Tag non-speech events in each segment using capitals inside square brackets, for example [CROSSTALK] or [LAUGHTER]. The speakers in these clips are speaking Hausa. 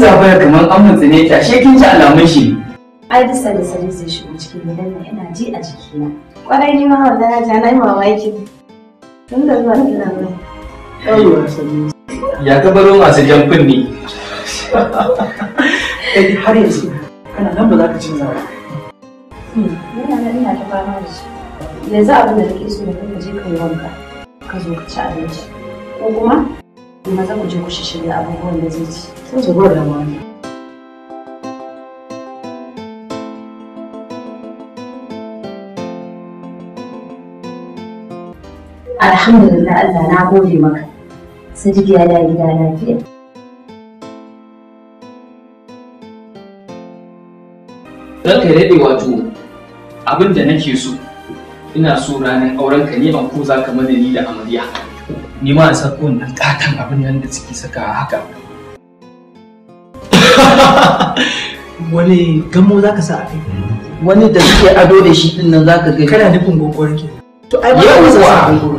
zabaya kamar an ne ta she kin ji alamun shi ai da sanda sani zai shigo cikin gidan nan ina ji a jikina kwarai ni ma wallahi ja na yi mamaki tun da zuwa ina nan ya ka baro masu jan kunni. eh har yanzu kana nan ba za ka ci zawa hmm, ina nan ina ta fama da shi yanzu abin da kake so ne ka je ka yi wanka ka zo ka ci abinci ko kuma maza mu je ku shirya abubuwan da zai ci. sun su da wani. Alhamdulillah Allah na gode maka. Sadiq ya da gida lafiya. Ranka daɗe wato abin da nake so ina so ranar aurenka ne ban ko za ka mana ni da amarya. ni ma a sako wannan katon abin nan da suke saka haka [LAUGHS] wani gamo za ka sa a kai wani da suke ado da shi din nan za ka gani kana nufin gongor ke to ai ba ka sa gongor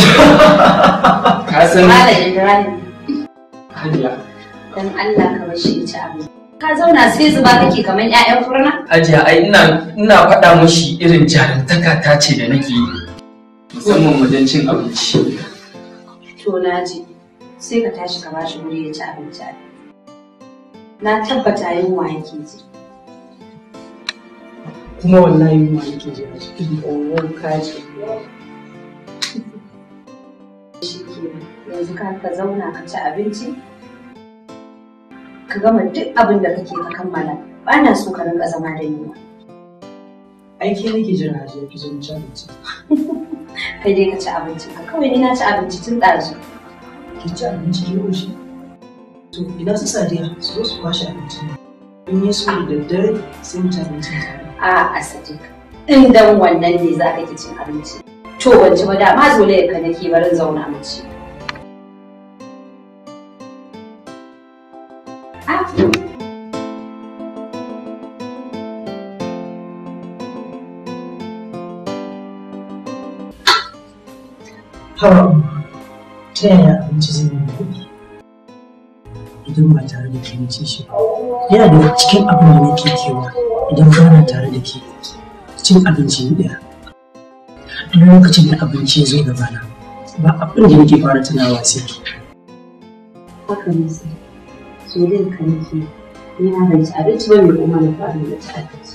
[LAUGHS] ka san da Hajiya. Dan Allah ka bashi ci abin. Ka zauna sai zuba kake kamar 'ya'yan furna? Hajiya ai ina ina faɗa mushi irin jarumtaka ta ce da nake yi. musamman wajen cin abinci. To na ji, sai ka tashi ka bashi wuri ya ci abinci a Na tabbata yunwa yake ji. Kuma wallahi yunwa yake ji a cikin ƙoron kaji. Shi ke yanzu ka zauna ka ci abinci? Ka gama duk abin da kake ka kammala, ba na so ka rinka zama da yiwa. Aiki nake jira a jirgin ki zo [LAUGHS] kai dai ka ci abincin ka kawai ni na ci abinci tun ɗazu ki ci abinci ki goshi to idan su sadiya su zo su kwashe abincin in yi so da daddare sai mu ci abincin tare a a sadiq in dan wannan ne za ka ki cin abinci to wance ba da ma zo ka nake barin zauna mu ci Thank you. hawa ta yaya abinci zai yi kuɗi idan ba tare da ke nace shi yana da cikin abin da nake kewa idan ba na tare da ke cin abinci ne ɗaya duk lokacin da abinci ya zo gaba na, ba abin da nake fara tunawa sai ke haka ne sai soyayyar ka nake yana da ci abinci ba mai kuma na fara da ci abinci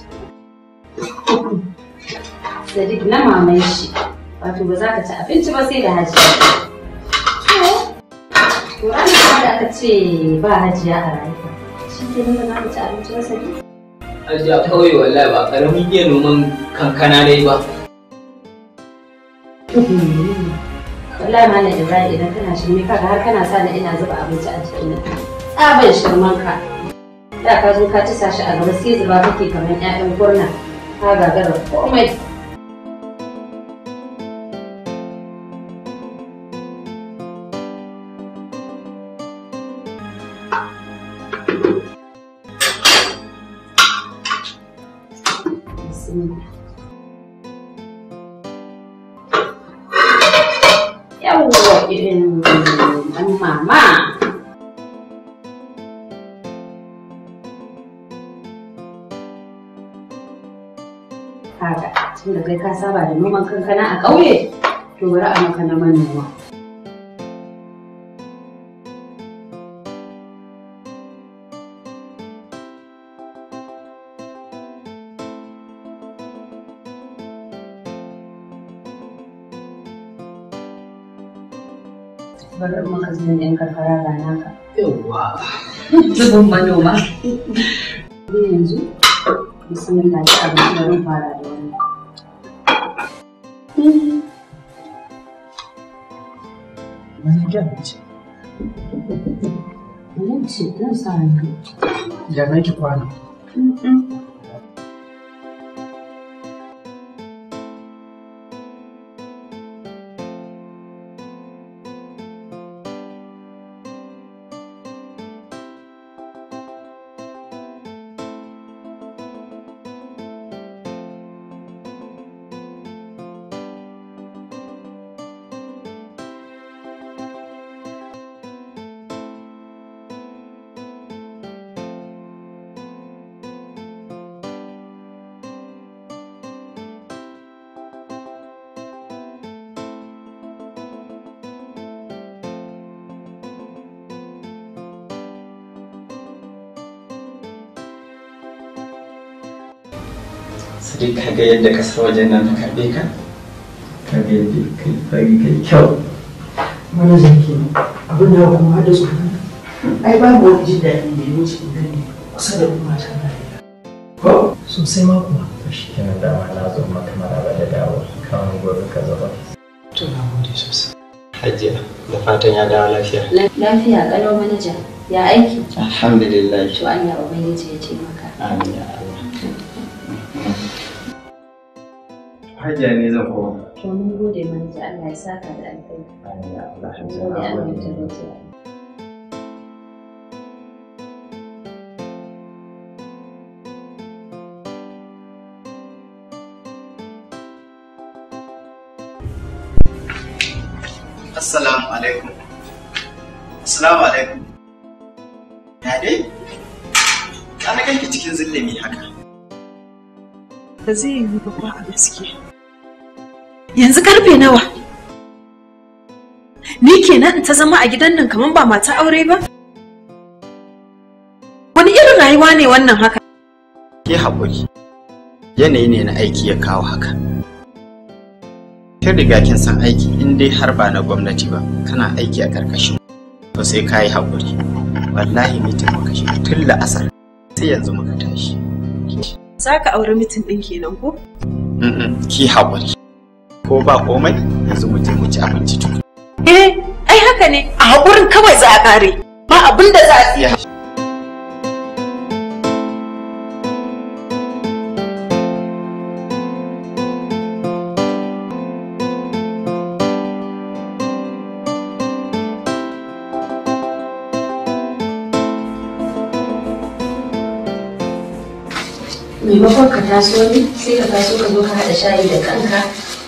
Sadiq na mamai shi wato ba za ka ci abinci ba sai da hajiya to ranar da aka ce ba hajiya a rayuwa shi ke nuna za ka ci abinci ba sai hajiya kawai wallahi ba karamin iya noman kankana dai ba wallahi na ibrahim idan kana shirme kaga har kana sa ni ina zuba abinci a cikin nan tsaban shirman ka da ka zo ka ci sashi a gaba sai zuba kake kamar 'ya'yan gurna ka gagara komai bismillah yawwa irin dan mama kaga tunda kai ka saba da noman kankana a ƙauye to bari a maka na manowa kuma ka san yan karkara da naka yawwa zubin manoma yanzu bismillah ta abinci da rufa da wani wani abinci abinci ɗan sa hannu da mai kwana sai ka ga yadda ka sa wajen nan ka karɓe ka ka bi yadda kai fari kai kyau mana zanki abin da kuma da su ai babu wani jin daɗi da ya wuce in gani kusa da kuma ta lafiya ko sosai ma kuma to shi kenan dama na zo maka maraba da dawo kawai gobe ka zaba to na gode sosai Hajiya, da fatan ya dawo lafiya. Lafiya, ƙalau manaja, ya aiki? Alhamdulillah. To Allah Ubangiji ya ce maka. Amin. hajiya ne zan kowa. To mun gode manaja Allah ya saka da alkai. Mun gode aminta da Assalamu alaikum. Assalamu alaikum. Ya dai? Ana kanki cikin zillimi haka. Ba zai yi ba a gaske. yanzu karfe nawa ni kenan in ta zama a gidan nan kamar ba mata aure ba wani irin rayuwa ne wannan haka ke haƙuri yanayi ne na aiki ya kawo haka kin riga kin san aiki in dai har ba na gwamnati ba kana aiki a ƙarƙashin to sai ka yi haƙuri wallahi mitin muka shiga tun la'asar sai yanzu muka tashi za ka auri mitin ɗin kenan ko ki haƙuri ko ba komai yanzu mu je mu ci abinci tukun eh ai haka ne a hakurin kawai za a kare ba abin da za a iya maimakon ka taso ne sai ka taso ka zo ka haɗa shayi da kanka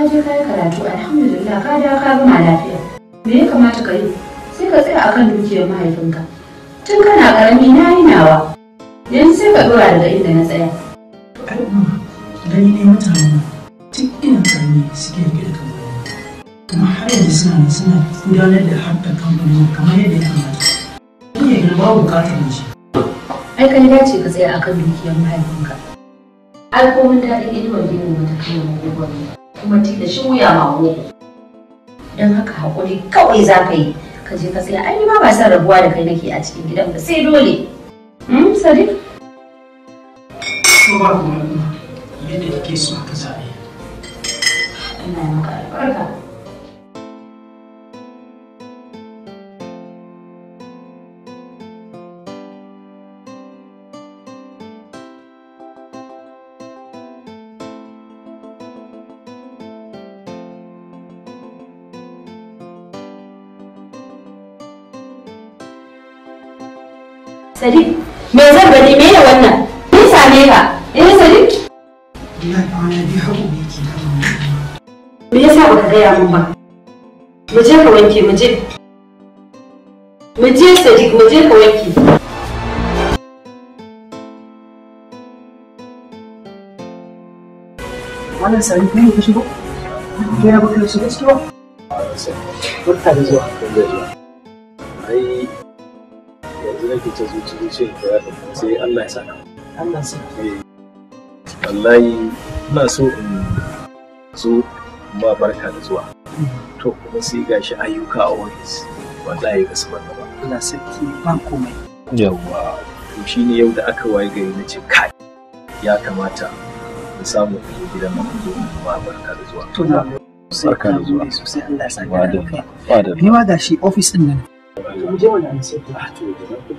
ka je ka karatu alhamdulillah ka dawo ka gama lafiya me ya kamata ka yi sai ka tsaya akan dukiyar mahaifinka tun kana karami na yi nawa yanzu sai ka dora daga inda na tsaya gani ne mutane tun ina karami suke rike da kamfani kuma har yanzu suna nan suna gudanar da harkar kamfanin kamar yadda ya kamata kuma ya babu bukatar mace ai kai dace ka tsaya akan dukiyar mahaifinka alkomin daɗin inuwar gini wata kawai magogwaro kuma shi wuya ma wogo don haka haƙuri kawai za ka yi ka je ka tsaya ai ma ba san rabuwa da kai nake a cikin gidan ba sai dole hmm sadiq ba ku yadda kike so haka zaɓe. a yi Allah maka albarka Sadiq, me zan bari? me ne wannan? Ni same ka. Eh Sadiq? Ina kwana biyu hagu ne ke kama. Me yasa baka gaya min ba? Mu je ka wanke mu je. Mu je Sadiq mu je ka wanke. wannan sami ne ka shigo? Ke na baka shiga ciki ba? Barka da zuwa. Barka da zuwa. nake ta zuci zuci da ya tafi sai Allah ya saka Allah sai eh. wallahi ina so in zo ba barka da zuwa to kuma sai gashi ayyuka a ofis wallahi ba su ba Allah sarki ban komai yawa to shine yau da aka waye gari na ce kai ya kamata in samu in zo gidan mu zo ba barka da zuwa to na. barka da zuwa sosai Allah ya saka Ba ba. da da ni ma gashi ofis din nan mu je wani an sai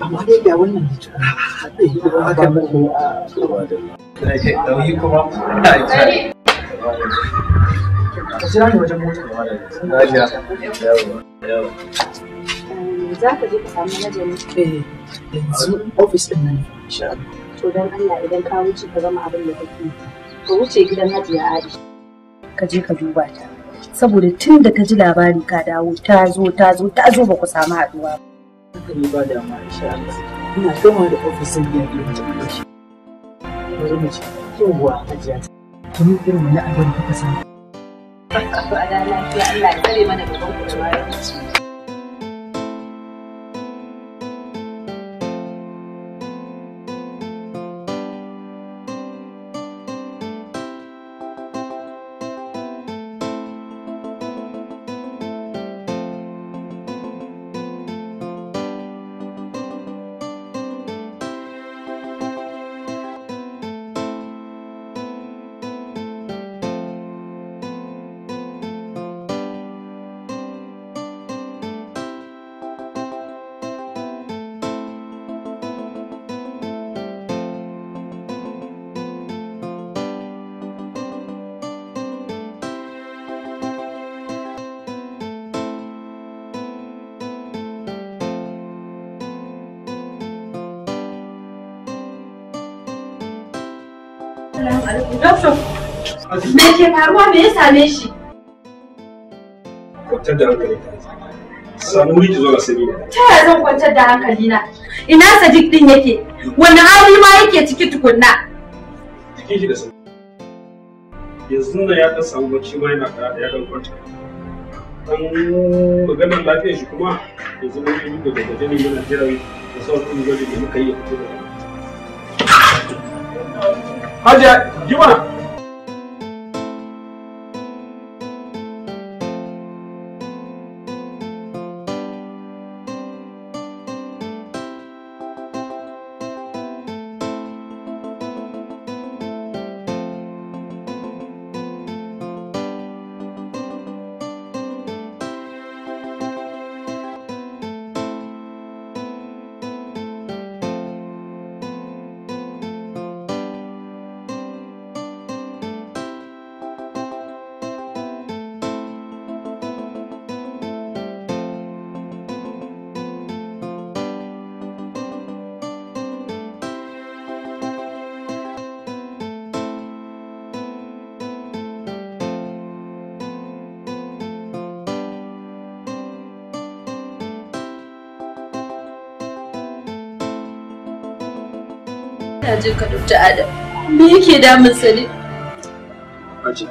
amma dai ga wannan da tura haɗe ko haka ba ko na ce dauyi kuma ina ji ka jira ni wajen mota na ji za ka je ka samu najami eh yanzu ofis din nan insha Allah to dan Allah idan ka wuce ka gama abin da kake ka wuce gidan Hajiya Aisha ka je ka duba ta saboda tun da ka ji labari ka dawo ta zo ta zo ta zo ba ku samu haɗuwa ba. Haka ne ba da ma insha Allah. Ina gama da ofisin ya ke mace a ƙarshe. Bari mu ce yawwa hajiya ta. Tun irin wani abin da ka samu. Barka ku a da lafiya Allah ya kare mana gaban ku da bayan alaikum me me ya same shi kwantar na ta zan kwantar da hankali na ina sadiq din yake wani hali ma yake ciki tukunna jikin shi da yanzu ya dan samu bacci ma yana da ya kwanta an maganar lafiyar shi kuma yanzu mun yi da gaggaje yana jira da sauran gwaji da muka yi a cikin 二姐，一万。wajen ka Dr. Adam. Me yake damun sa Aji.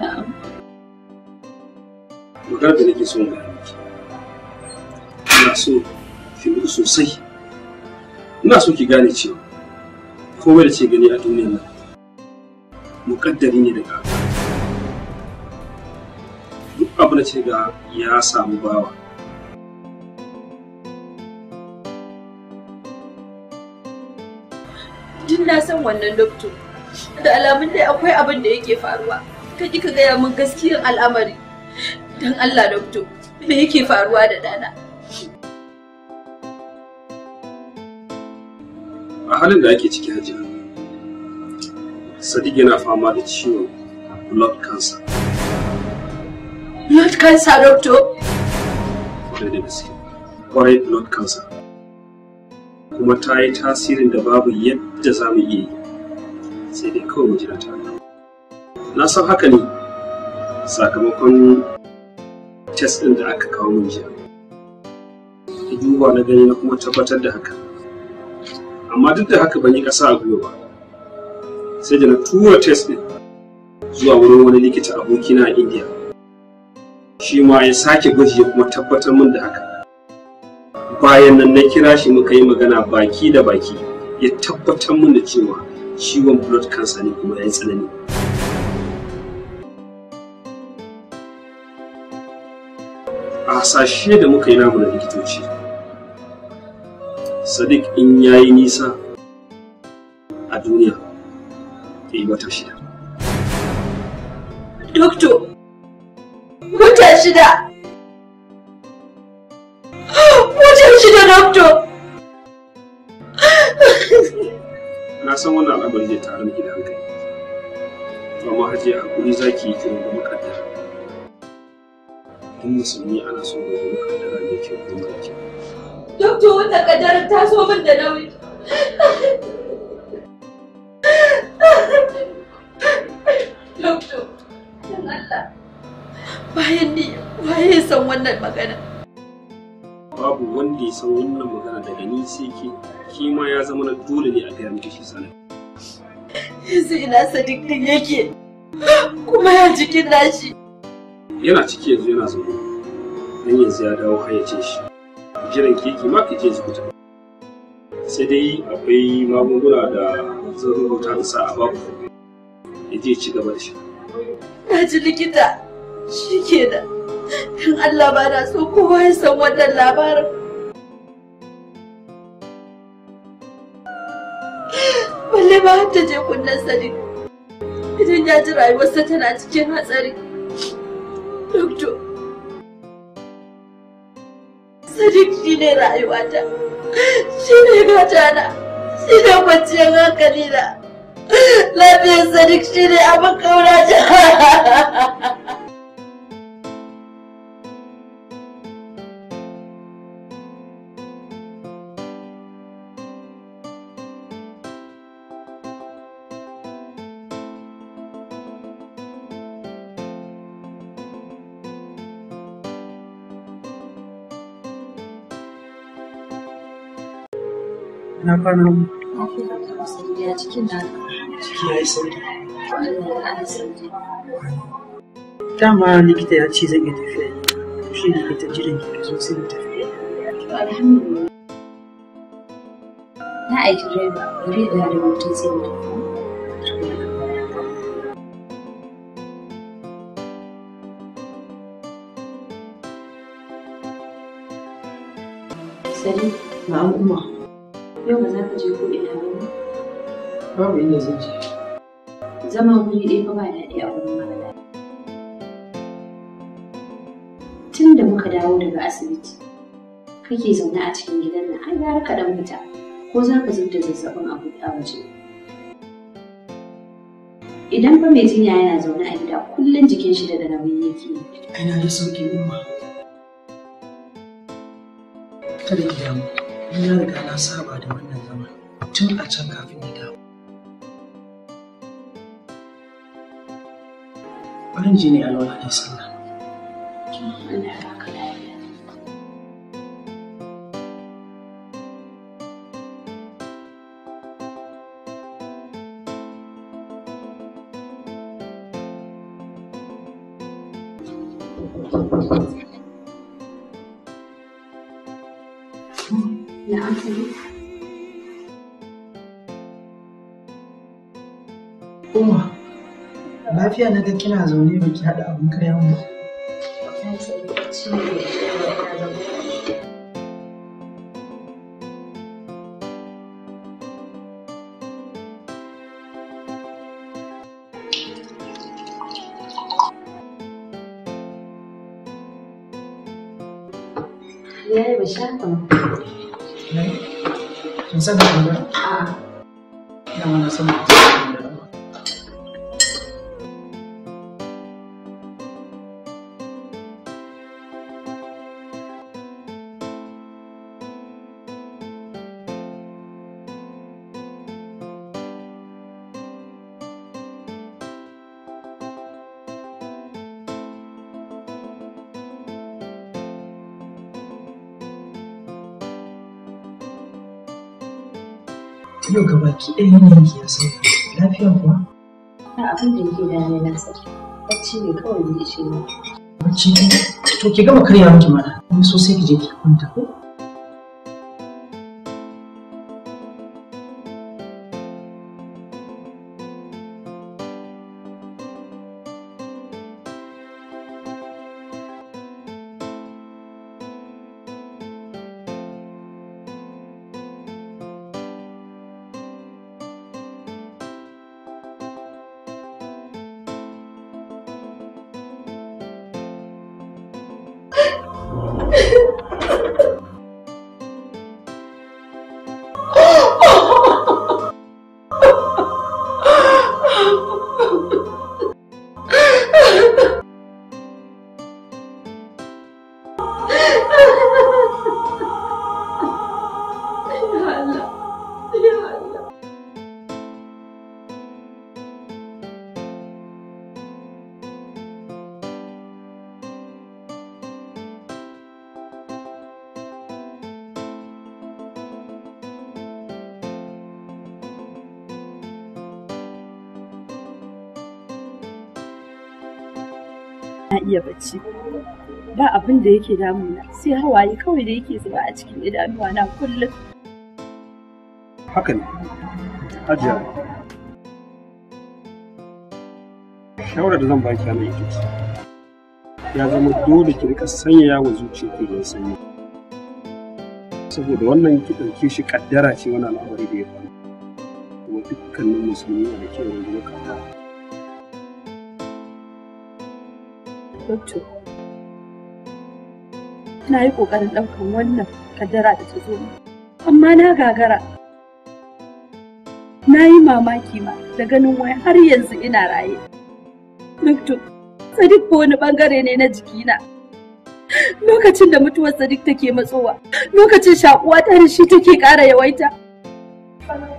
Na'am. Magana da nake so na miki. Ina so ki mutu sosai. Ina so ki gane cewa komai da ce gani a duniyar nan muƙaddari ne daga duk abu da ce ga ya samu bawa jin na san wannan doktor da alamun dai akwai abin da yake faruwa ka ka gaya min gaskiyar al'amari don allah doktor me yake faruwa da dana a halin da ake ciki hajiya sadiq yana fama da ciwon blood cancer blood cancer doctor kwarai da gaske kwarai blood cancer kuma ta yi tasirin da babu yadda za mu iya yi sai dai kawai mu jira ta na san haka ne sakamakon test ɗin da aka kawo min jiya ta duba na gani na kuma tabbatar da haka amma duk da haka ban yi ƙasa a gwiwa ba sai da na tura test ɗin zuwa wurin wani likita abokina a indiya shi ma ya sake gwaji ya kuma tabbatar min da haka bayan nan na kira shi muka yi magana baki da baki ya tabbatar mun da cewa ciwon blood cancer ne kuma ya yi tsanani a hasashe da muka yi namu na likitoci sadiq in ya yi nisa a duniya ya yi wata shida Dokto, wata shida shi da doctor. Na san wannan al'amari zai taru miki da hankali. To amma hajiya hakuri zaki yi kiran kuma kaddara. Kun musulmi ana so da kuma kaddara ne ke kuma da kyau. Doctor wata kaddara ta so min da nauyi. Doctor, don Allah. Bayan ni, waye san wannan magana? babu wanda ya san wannan magana daga ni sai ke ke ma ya zama na dole ne a gaya miki shi sanin Sai ina sadik din yake kuma ya jikin nashi yana ciki yanzu yana zaune dan yanzu ya dawo ce shi jiran keke ma kake ji kuta sai dai akwai magunguna da zan rubuta da sa a babu ya je ci gaba da shi na ji likita shi kenan don Allah ba na so kowa ya san wannan labarin balle ba ta je kunnen sani idan ya ji rayuwarsa tana cikin hatsari doctor sadiq shi ne rayuwata shi ne gatana shi ne kwanciyar hankali na lafiyar sadiq shi ne abin kaura [LAUGHS] na kwana mu ya cikin dama likita ya ce zan iya tafiya shi ne ka ta jirin ki zo sai na tafiya na aiki direba bari da da mutum sai mu tafi Salut, ma umma. Yau ba za ka je ko ina ba Babu inda zan je. Zama wuri ɗaya fa ba daɗi a wurin mara Tun da muka dawo daga asibiti, kake zaune a cikin gidan nan har gara ka ɗan fita ko za ka zub zazzaɓin abu a waje. Idan fa mai jinya yana zaune a gida kullum jikin shi da nauyi yake. Kana da sauƙin umma. Kada ki damu. ni riga na saba da wannan zaman tun a can kafin ya dawo farin jini alwala da sallah lafiya na kina zaune baki haɗa abin kayan ba. yau gaba ki ɗaya yanayin ki ya sauya lafiya kuwa? Na abin da yake dame na sa bacci ne kawai da ya ce Bacci ne? To ki gama karyawa miki mana, kuma so sai ki je ki kwanta ko? bacci ba abin da yake damuna sai hawaye kawai da yake zuba a cikin idanuwa na kullum haka ne hajiya shawarar da zan baki ana ita ya zama dole ki rika sanyaya wa ki da sanyi saboda wannan ki kishi shi kaddara ce wani al'amari da ya faru kuma dukkanin musulmi na da kewayen zuwa doctor ina yi ƙoƙarin ɗaukan wannan kaddara da ta zo amma na gagara na yi mamaki ma da ganin wai har yanzu ina raye doctor sadiq ko wani ɓangare ne na jikina lokacin da mutuwar sadiq take matsowa lokacin shakuwa ta da shi take ƙara yawaita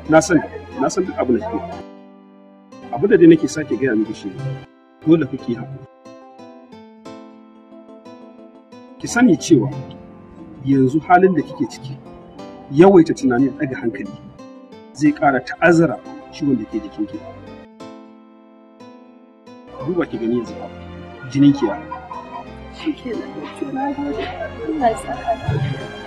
na san na san duk abin da ke abu da dai nake sake gaya miki shi dole kuke haƙuri ki sani cewa yanzu halin da kike ciki yawaita tunanin ɗaga hankali zai ƙara ta'azzara ciwon da ke jikinki duba ki gani yanzu ba jinin ki ya shikenan Allah ya saka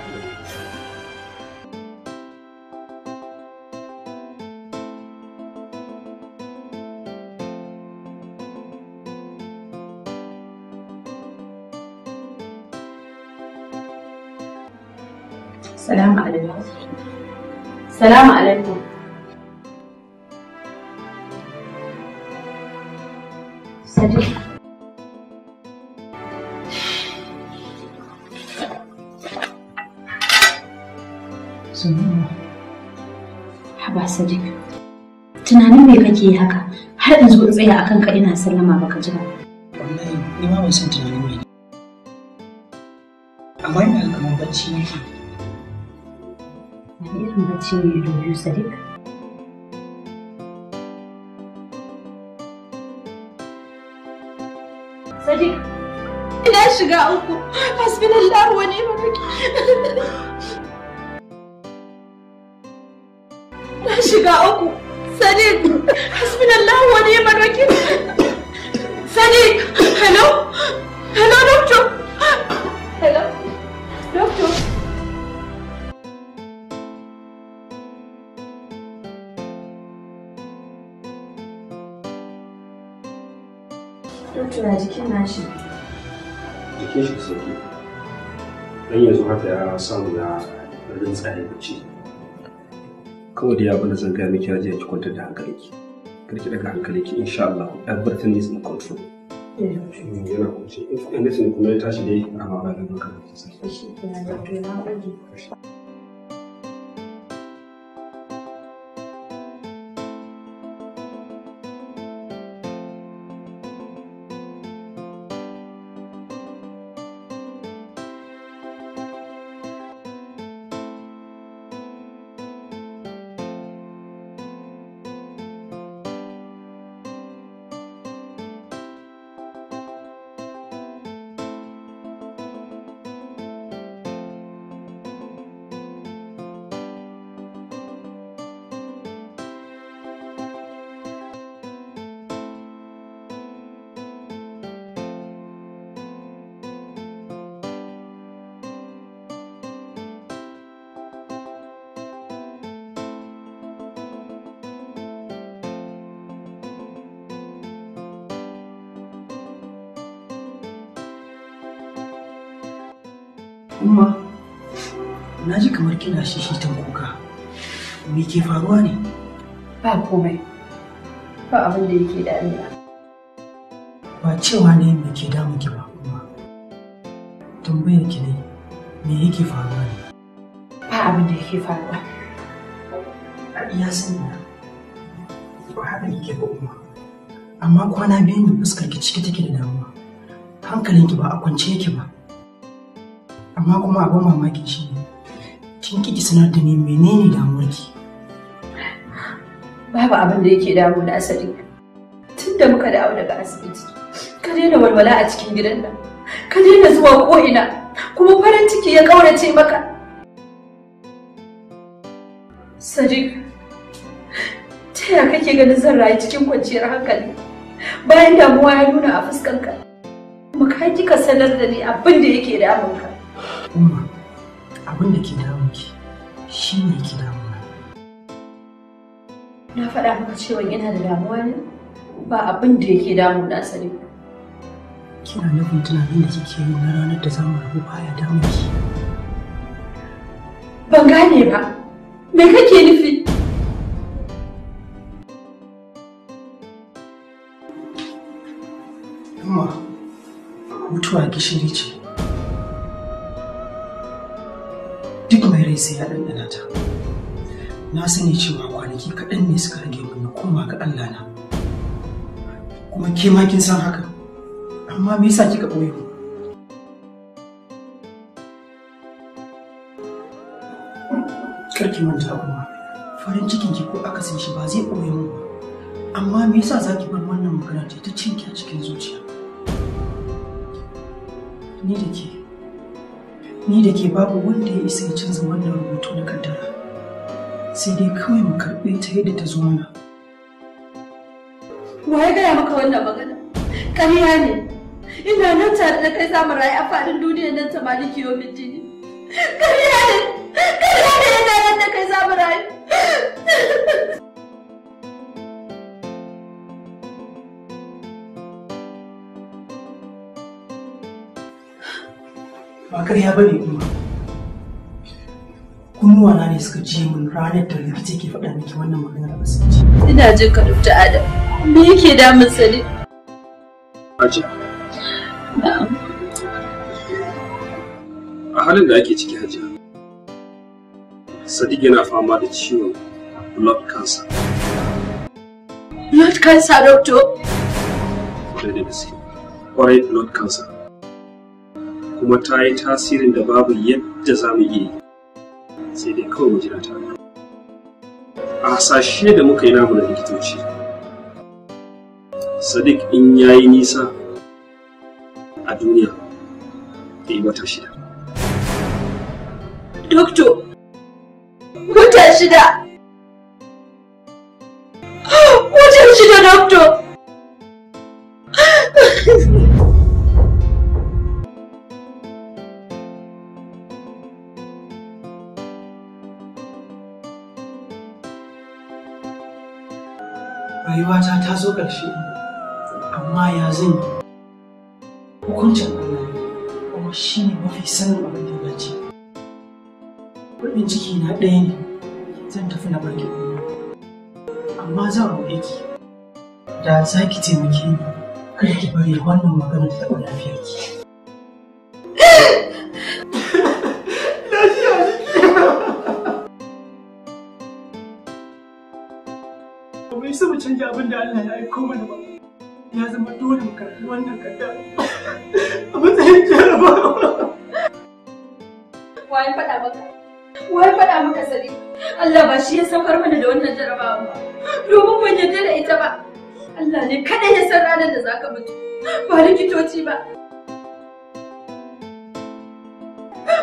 Salamu alaikum. Sadiq. Zunuwa. Haba Sadiq. Tunanin me kake yi haka? Har in zo in a akan ka ina sallama baka ji ba. Wallahi, ni ma ban san tunanin me. Amma ina kamar bacci nake. Na irin Sadiq. ina shiga uku, hasbinallahu wa ni'mal wakil. Na shiga uku, Sadiq, hasbinallahu wa ni'mal wakil. Sadiq, hello? Hello, doctor. Hello, doctor. Doktora jikin nashi. Jikin shi da sauki. Don yanzu haka ya samu ya rinsa ya bacci. Kawai da abin da zan gaya miki ya ki kwantar da hankalinki. Karki daga hankalinki insha Allah everything is in control. Mm, yana kuce if anything kuma ya tashi dai a magana duka. Shi ke na gode na gode. Uma, na ji kamar kina shishitan kuka. Me ke faruwa ne? Ba komai. Ba abin da yake damina. Ba cewa ne me ke damun ki ba kuma. Tambayar ki ne me yake faruwa ne? Ba abin da yake faruwa. Ya sani na. Ba haka yake ba kuma. Amma kwana biyu ne fuskar ki ciki take da damuwa. Hankalinki ba a kwance yake ba. amma kuma abin mamaki shi ne kin kiki sanar da ni menene damuwarki babu abin da yake damu na asali tun da muka dawo daga asibiti ka daina walwala a cikin gidan nan ka daina zuwa ko'ina kuma farin ciki ya ƙaurace maka sadiq ta ya kake ganin zan rayu cikin kwanciyar hankali bayan damuwa ya nuna a fuskanka kuma ka kika sanar da ni abin da yake damunka Umma, abin da ke damunki shi ne ke damuna. Na faɗa maka cewa yana da damuwa ne? Ba abin da yake na sani. Kina nufin tunanin da kike yi na ranar da zamu rabu ba ya damunki. Ban gane ba. Me kake nufi? mutuwa gishiri ce. sai na ɗanɗana ta. Na sani cewa kwanaki kaɗan ne suka rage min na koma ga Allah na. Kuma ke ma kin san haka. Amma me yasa kika ɓoye mu? ki manta kuma farin cikin ki ko akasin shi ba zai ɓoye mu ba. Amma me yasa za ki bar wannan magana ta ta a cikin zuciya? Ni da ke ni da ke babu wanda ya isa ya canza wannan rubutu na kaddara sai dai kawai mu karɓe ta yadda ta zo mana wa ya gaya maka wannan magana ƙarya ne ina nan tare da kai samun rayu a faɗin duniyar nan ta maliki yau mitini ƙarya ne ƙarya ne ina nan da kai samun rayu ba ƙarya ba ne kuma kunnuwana ne suka ji min ranar da rikici ke faɗa miki wannan maganar ji ina jin ka dubta adam me yake da sa sani aji a halin da ake ciki hajiya sadiq yana fama da ciwon blood cancer blood cancer doctor kwarai da gaske kwarai blood cancer kuma ta yi tasirin da babu yadda za mu iya yi sai dai kawai mu jira ta a hasashe da muka yi namu na likitoci sadiq in ya yi nisa a duniya da yi wata shida dokto wata shida ah, wata shida dokto rayuwata ta zo ƙarshe amma ya zan yi hukuncin Allah kuma shi ne mafi sanin abin da ya ce kuɗin ciki na ɗaya ne zan tafi na baki amma zan roƙe ki da za ki taimake ni kada ki bari wannan maganar ta taɓa lafiyarki. abin da Allah ya yi aiko da ba ya zama dole mu karɓi wannan kaddara a matsayin jarabawa wai faɗa maka wai faɗa maka sadi Allah ba shi ya saukar mana da wannan jarabawa ba domin ban yarda da ita ba Allah ne kaɗai ya san ranar da zaka mutu ba likitoci ba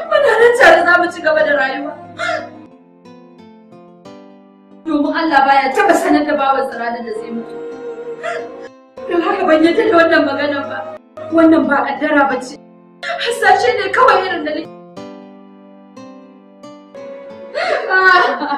muna nan tare za mu ci gaba da rayuwa domin Allah baya taba sanar da babar ranar da zai mutu. Don haka ban yadda da wannan maganar ba, wannan ba addara ba ce, hasashe ne kawai irin da nake. ha ha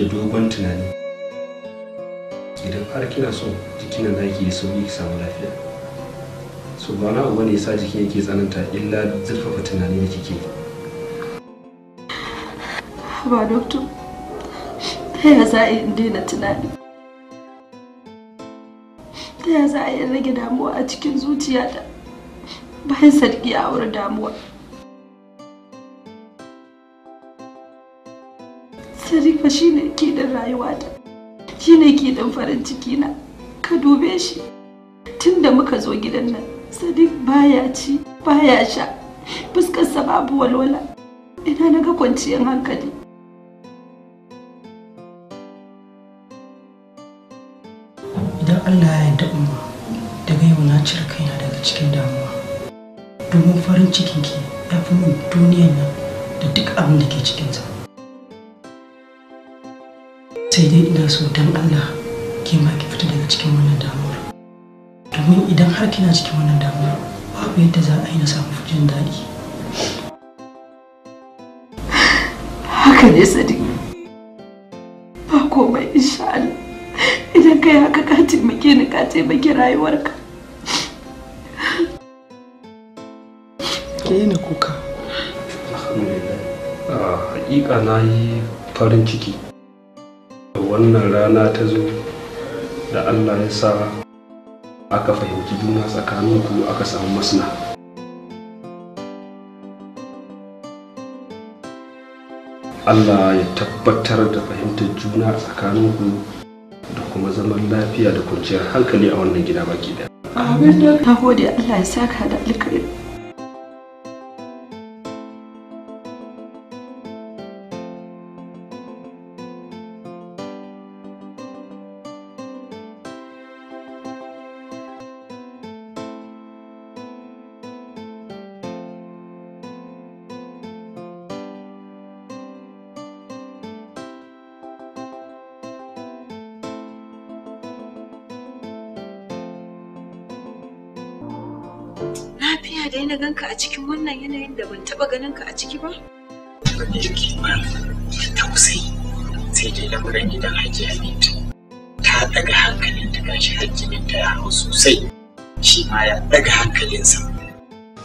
da dogon tunani idan har kina so jikin nan zaki yi sauki ki samu lafiya so ba na abu ne yasa jikin yake tsananta illa zurfafa tunani da kike ba doctor ta yaya za a yi in daina tunani ta yaya za a yi rage damuwa a cikin zuciyata bayan sarki a wurin damuwa Sadiq fa shine kiɗin rayuwata. Shine kiɗin farin ciki na. Ka dube shi. Tun da muka zo gidan nan, Sadiq baya ci, baya sha. sa babu walwala. Ina naga kwanciyar hankali. Idan Allah ya yarda umma, daga yau na cire kaina daga cikin damuwa. Domin farin ki ya fi mun duniyan nan da duk abin da ke cikinsa. sai dai ina so don Allah ke ma ki fita daga cikin wannan damuwar domin idan har kina cikin wannan damuwar babu yadda za a yi na samu jin daɗi haka ne sadi ba komai insha Allah idan kai haka ka taimake ni ka taimake rayuwarka ke yi na kuka alhamdulillah a ah, hakika na yi farin ciki wannan rana ta zo da allah ya sa aka fahimci juna tsakaninku aka samu masna allah ya tabbatar da fahimtar juna tsakaninku da kuma zaman lafiya da kwanciyar hankali a wannan gida baki daya. amin ta gode allah ya saka da alkhairi Nafiya da yana ganka a cikin wannan yanayin da ban taba ganin ka a ciki ba? Ban jiki ta tausayi sai dai lamuran gidan Hajji Hamid. Ta ɗaga hankalin ta gashi hajjinin ta ya hau sosai, shi ma ya ɗaga hankalinsa.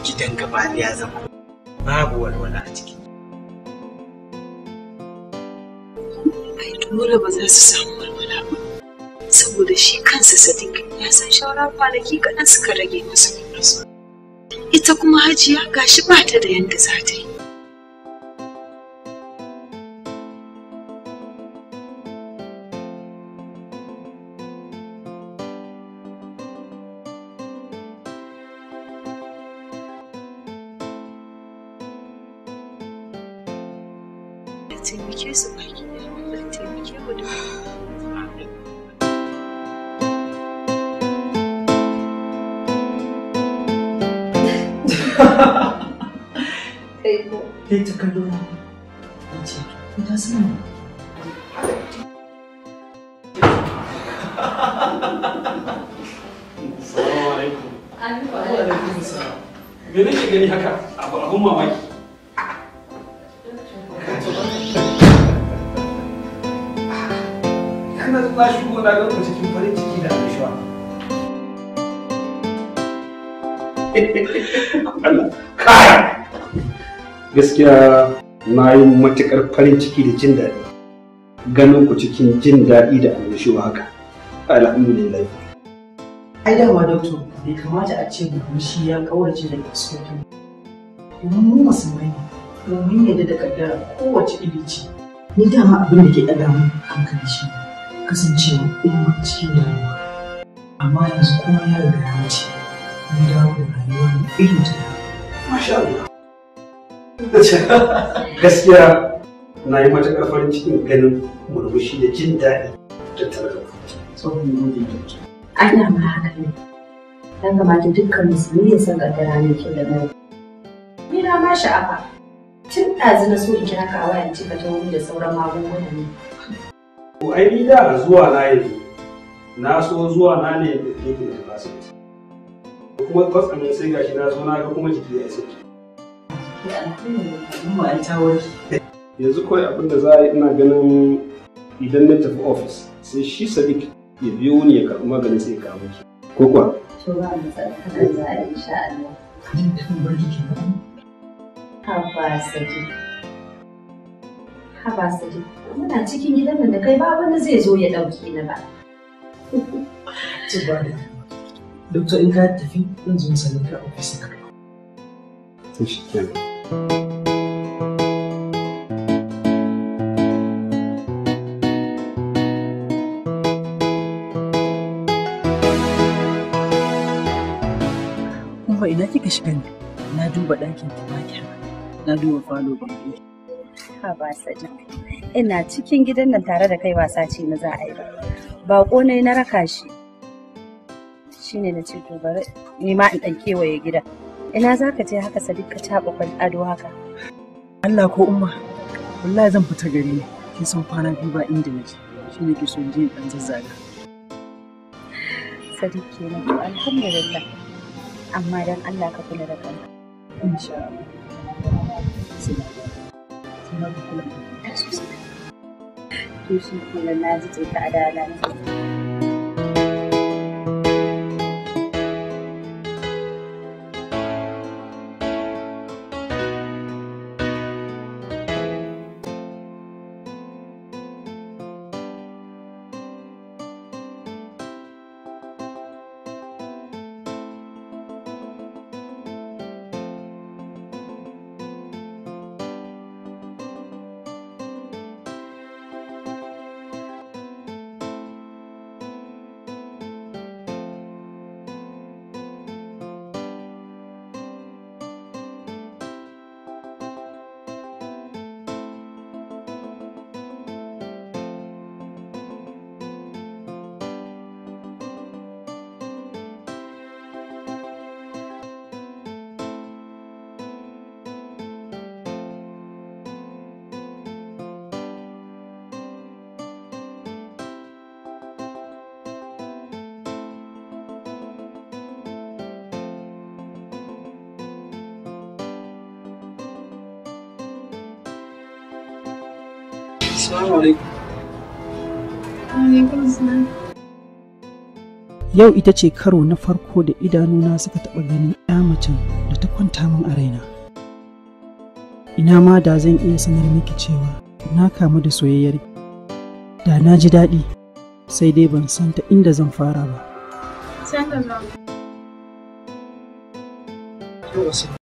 Gidan gaba ya zama babu walwala a ciki. Ai dole ba za su samu walwala ba. saboda shi kansa sadiq ya san shawarar kwanaki kaɗan suka rage masa nasu ita kuma hajiya gashi ba ta da yanda za ta yi taimake su baki taimake mu da Kai ko? Kai ta kallo na. Ce, ko ta sani? Assalamu alaikum. Alaikum salam. Me nake gani haka? Abun mamaki. gaskiya na yi matuƙar farin ciki da jin daɗi ganin ku cikin jin daɗi da annashuwa haka alhamdulillah ai dama doctor bai kamata a ce shi ya kaurace da fuskokin domin mu musulmai mu domin yadda da kaddara kowace iri ni dama abin da ke ɗaga mu hankali shi kasancewa umma cikin rayuwa amma yanzu kuma ya riga ya wuce ni dawo da rayuwa irin ta masha Allah [LAUGHS] gaskiya na yi matuƙar farin cikin ganin murmushi da jin daɗi tattare da tsohon gudun yanki. Ana ma haka ne. Ya kamata dukkan musulmi ya san ƙaddara ne ke da mai. Ni na ma sha'afa. Tun ɗazu na so in kira ka a wayan cika ta wuri da sauran magunguna ne. Ko ai ni da zuwa na yanzu. Na so zuwa na ne da ke da asibiti. Kuma kwatsamin sai gashi na zo na ga kuma jiki ya yi sauki. yanzu kawai abin da za a yi ina ganin idan na tafi ofis sai shi sadiq ya biyo ni ya karɓi maganin sai ya kawo ki ko kuwa to ba mu tsaka za a yi sha Allah haba sadiq haba sadiq muna cikin gidan nan da kai ba wani zai zo ya ɗauke ni ba tubada dokta in ka tafi zan zo sanin ka ofis ka to kenan Kuma ina kika shiga ne? Na duba ɗakin tumakin, na duba falo ban Ha ba saja. Ina cikin gidan nan tare da kai wasa ce na za a yi ba. Bako ne na raka shi. Shine na ce to bari ni ma in ɗan kewaye gidan. Ina za ka je haka Sadiq ka caɓa ado haka? Allah ko umma, wallahi zan fita gari ne, kin san kwana biyu ba inda nake shi ne ke so je in zazzaga. Sadiq ne to alhamdulillah. Amma dan Allah ka kula da kanka. Insha Allah. Sai na kula da kanka To shi ne na ji ta a Yau ita ce karo na farko da idanuna suka taɓa ganin ya macen da ta kwanta min a raina. Ina ma da zan iya sanar miki cewa na kamu da soyayyar da na ji daɗi sai dai ban san ta inda zan fara ba. Sai